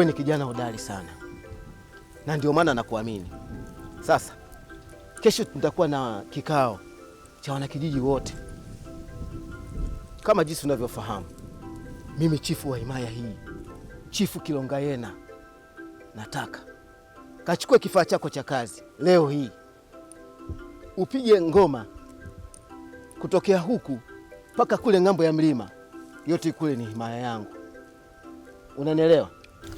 wewe ni kijana hodari sana, na ndio maana nakuamini. Sasa kesho tutakuwa na kikao cha wanakijiji wote. Kama jinsi unavyofahamu, mimi chifu wa himaya hii, Chifu Kilongayena, nataka kachukue kifaa chako cha kazi leo hii, upige ngoma kutokea huku mpaka kule ng'ambo ya mlima. Yote kule ni himaya yangu, unanielewa?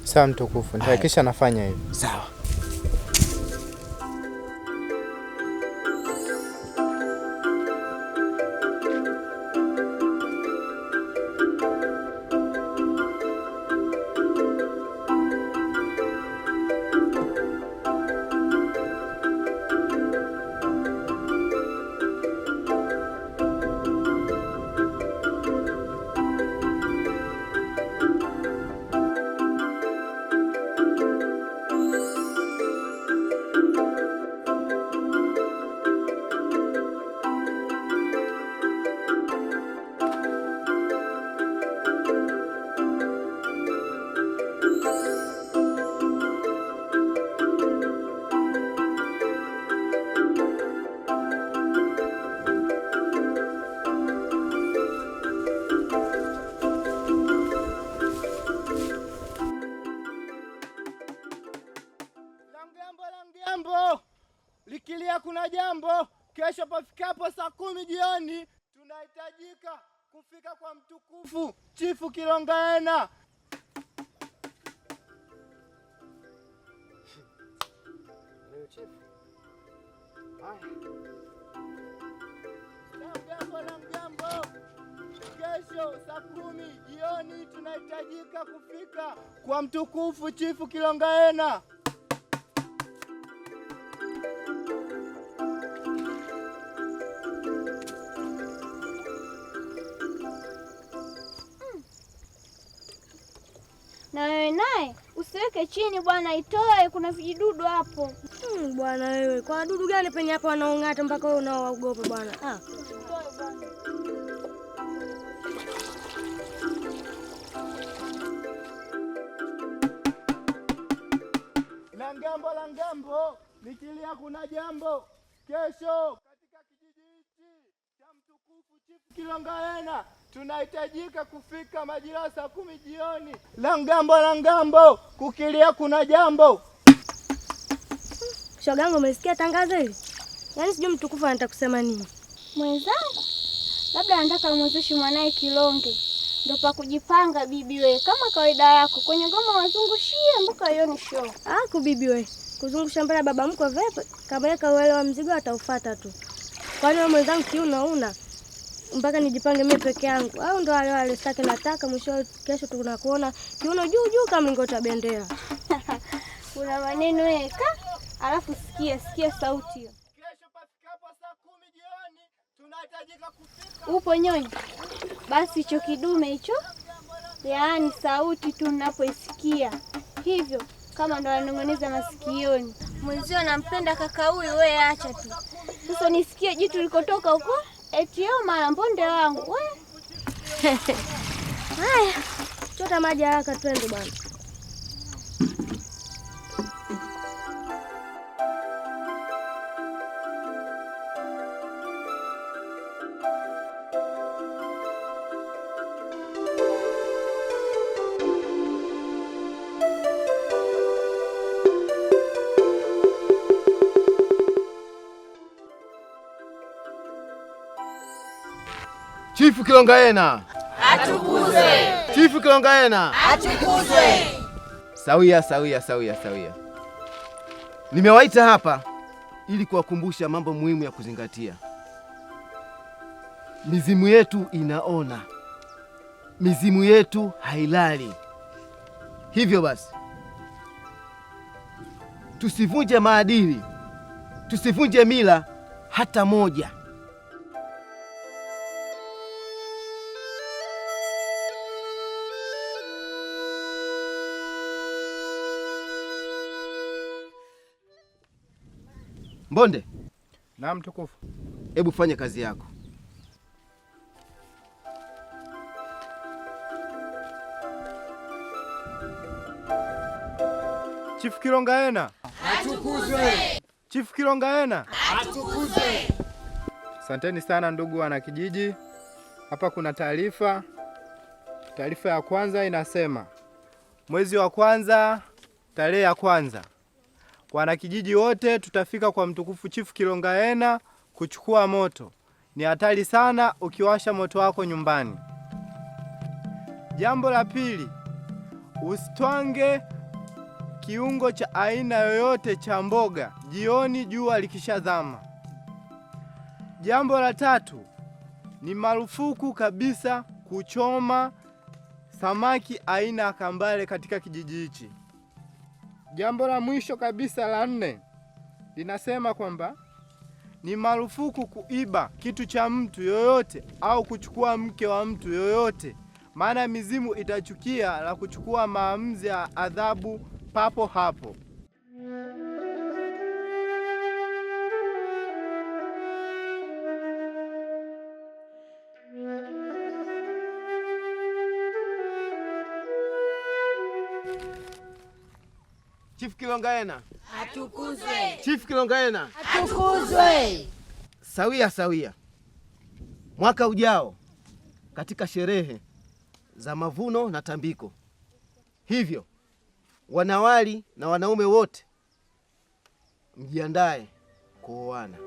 Sawa mtukufu, nitahakikisha nafanya hivyo. Sawa. jambo, likilia kuna jambo. Kesho pafikapo saa kumi jioni tunahitajika kufika kwa mtukufu Chifu Kilongaena. saa kumi jioni tunahitajika kufika kwa mtukufu Chifu Kilongaena. naye usiweke chini bwana, itoe, kuna vijidudu hapo. Hmm, bwana wewe, kwa wadudu gani penye hapo wanaong'ata mpaka wewe unaowaogopa bwana ah. La ngambo la ngambo, nikilia kuna jambo. Kesho katika kijiji hichi cha mtukufu Chifu Kilongaena tunahitajika kufika majira saa kumi jioni. La ngambo la ngambo, kukilia kuna jambo. Shogangu, umesikia tangazo hili? Yaani sijui mtukufu anataka kusema nini. Mwenzangu labda anataka amwezeshe mwanaye kilonge, ndo pa kujipanga. Bibi we, kama kawaida yako kwenye ngoma wazungushie mpaka aione show. Aku bibi we, kuzungusha mbele baba mko vepe, kama yeye kauelewa mzigo ataufuata tu, kwani wewe mwenzangu kiunauna mpaka nijipange mimi peke yangu, au ndo wale wale staki nataka. Mwisho kesho tunakuona kiuno juu juu kama mlingoti bendera. kuna maneno yeka, alafu sikia sikia sauti hiyo. Kesho pafikapo saa kumi jioni tunahitajika kufika. Upo nyonyi? Basi hicho kidume hicho, yaani sauti tu mnapoisikia hivyo, kama ndo ananong'oneza masikioni mwenzio, nampenda kaka huyu, we acha tu sasa nisikie jitu likotoka huko eti yao mara mponde wangu. Haya, chota maji haraka, twende bwana. Chifu Kilongaena atukuzwe! Chifu Kilongaena atukuzwe! Sawia, sawia, sawia, sawia. Nimewaita hapa ili kuwakumbusha mambo muhimu ya kuzingatia. Mizimu yetu inaona, mizimu yetu hailali. Hivyo basi tusivunje maadili, tusivunje mila hata moja. Mbonde. Naam tukufu. Hebu fanya kazi yako. Chifu Kilongaena atukuzwe. Chifu Kilongaena atukuzwe. Asanteni sana ndugu wanakijiji. Hapa kuna taarifa. Taarifa ya kwanza inasema mwezi wa kwanza tarehe ya kwanza Wanakijiji wote tutafika kwa mtukufu Chifu Kilongaena kuchukua moto. Ni hatari sana ukiwasha moto wako nyumbani. Jambo la pili, usitwange kiungo cha aina yoyote cha mboga jioni jua likishazama. Jambo la tatu, ni marufuku kabisa kuchoma samaki aina ya kambale katika kijiji hichi. Jambo la mwisho kabisa la nne linasema kwamba ni marufuku kuiba kitu cha mtu yoyote au kuchukua mke wa mtu yoyote, maana mizimu itachukia la kuchukua maamuzi ya adhabu papo hapo. Chief Kilongaena atukuzwe. Chief Kilongaena atukuzwe. Sawia sawia. Mwaka ujao katika sherehe za mavuno na tambiko, hivyo wanawali na wanaume wote mjiandae kuoana.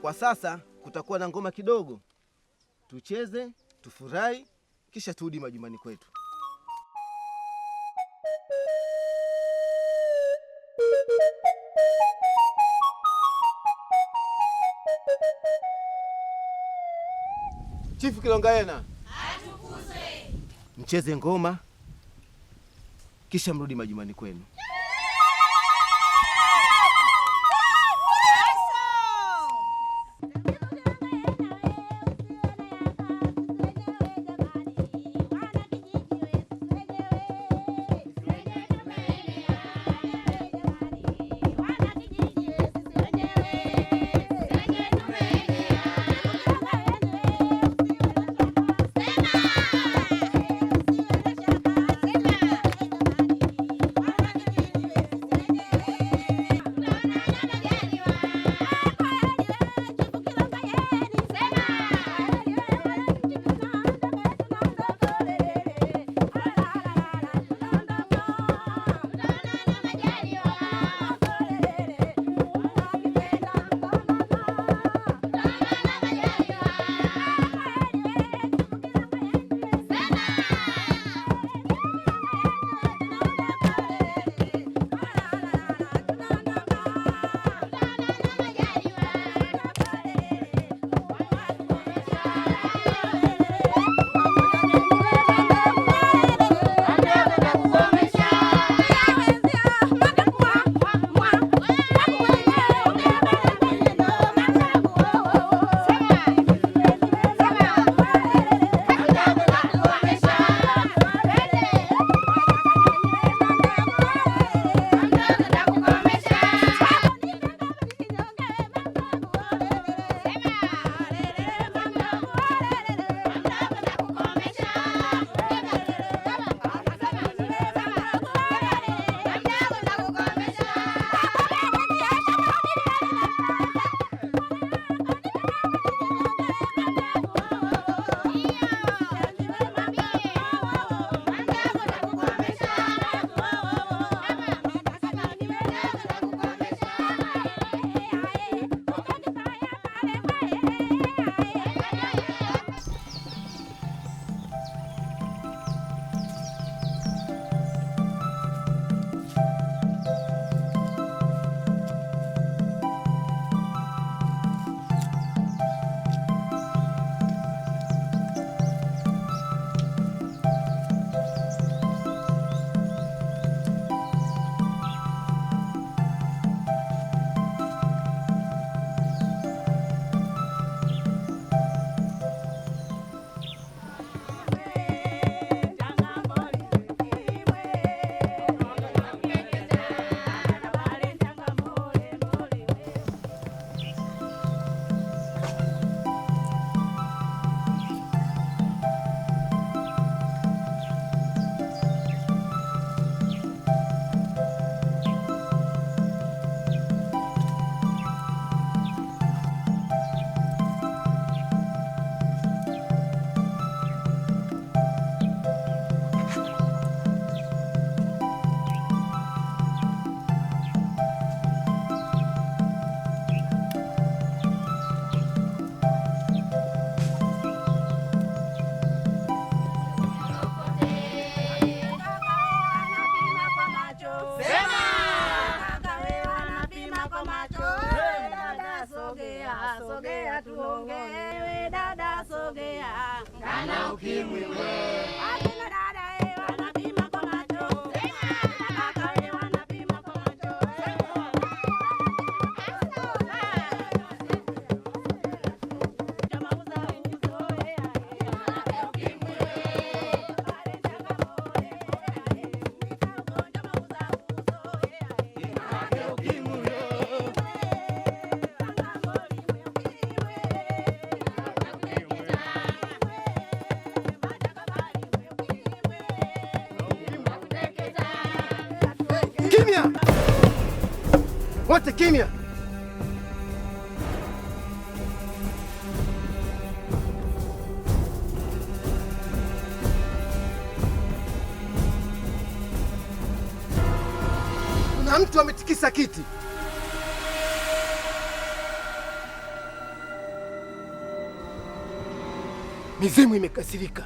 Kwa sasa kutakuwa na ngoma kidogo, tucheze tufurahi kisha turudi majumbani kwetu. Chifu Kilongaena atukuzwe, mcheze ngoma kisha mrudi majumbani kwenu. Usinyamaze kimya. Kuna mtu ametikisa kiti. Mizimu imekasirika.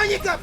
Паника!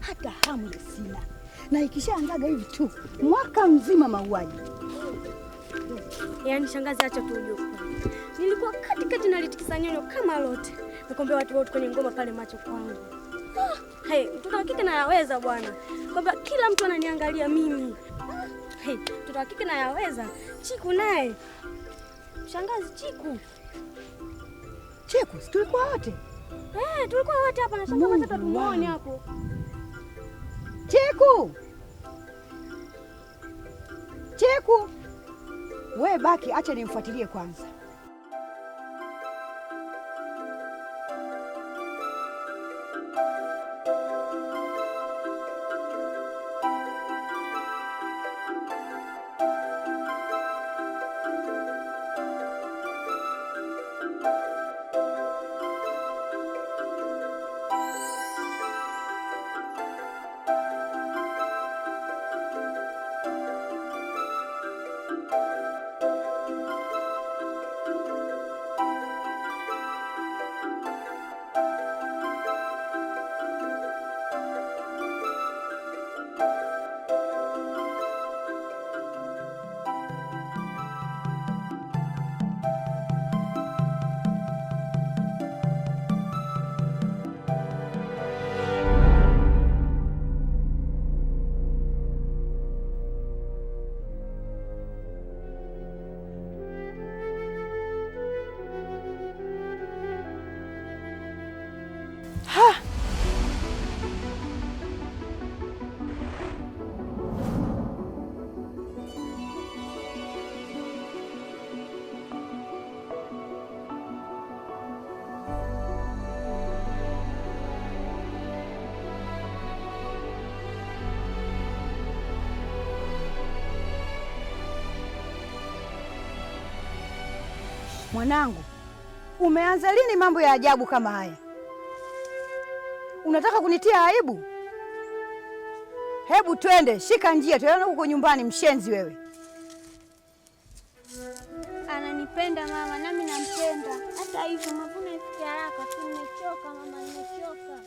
hata hamu ya sina, na ikishaanzaga hivi tu mwaka mzima mauaji. Yaani shangazi, acha tu nilikuwa katikati nalitikisa nyonyo kama lote, nakwambia watu wote kwenye ngoma pale, macho kwangu ah, Hey, mtoto wa kike nayaweza bwana, kwamba kila mtu ananiangalia mimi. Hey, mtoto wa kike nayaweza. Chiku naye shangazi, Chiku, Chiku, si tulikuwa wote Eh, tulikuwa wote hapa na shamba kwanza tumuone hapo. Chiku. Chiku. Wewe baki acha nimfuatilie kwanza. Mwanangu, umeanza lini mambo ya ajabu kama haya? Unataka kunitia aibu? Hebu twende, shika njia, tuelane huko nyumbani. Mshenzi wewe! Ananipenda mama, nami nampenda. Hata hivyo mavuno yafike haraka, nimechoka mama, nimechoka.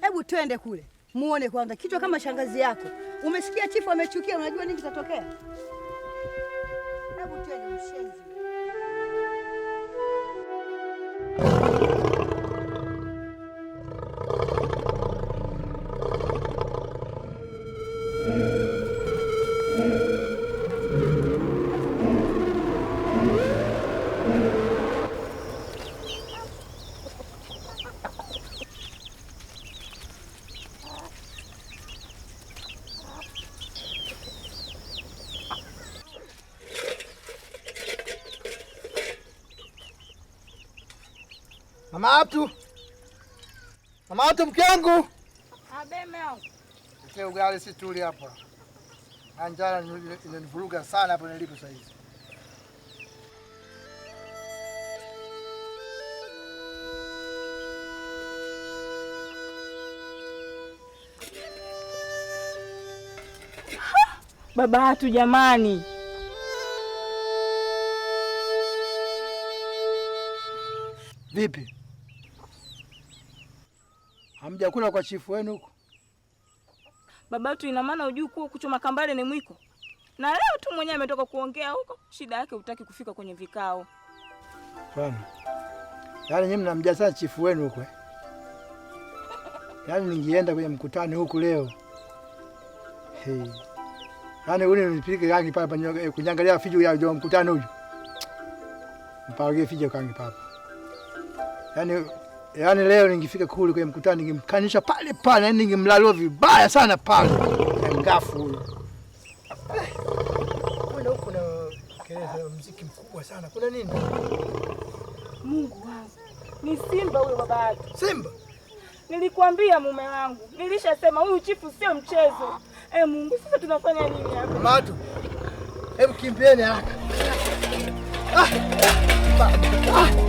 Hebu twende kule muone kwanza kichwa kama shangazi yako Umesikia chifu amechukia, unajua nini kitatokea? Mama Abdu, Mama Abdu, mke wangu ugali si tuli hapa, anjala inanivuruga sana hapo nilipo sasa hivi. Baba hatu jamani, vipi? Hamjakula kwa chifu wenu huko? Baba tu, ina maana hujui kuwa kuchoma kambale ni mwiko? Na leo tu mwenyewe ametoka kuongea huko, shida yake hutaki kufika kwenye vikao. Bwana, yaani nyinyi sana chifu wenu huko. Eh? Yaani ningeenda kwenye mkutano huku leo. Hey. Yaani ule nipige rangi pale pale eh, kunyangalia fiju ya mkutano huko. Mpaka fiju kangi papa. Yaani Yaani leo ningifika kule kwenye mkutano ningemkanisha pale pale, yaani ningemlalua vibaya sana pale. Yaani ngafu huyo. Eh, Kuna huko na kelele za muziki mkubwa sana. Kuna nini? Mungu wangu. Ni Simba huyo baba yake. Simba. Nilikwambia mume wangu. Nilishasema huyu chifu sio mchezo. Eh, Mungu sasa tunafanya nini hapa? Matu. Hebu kimbieni haraka. Ah. Ah. ah.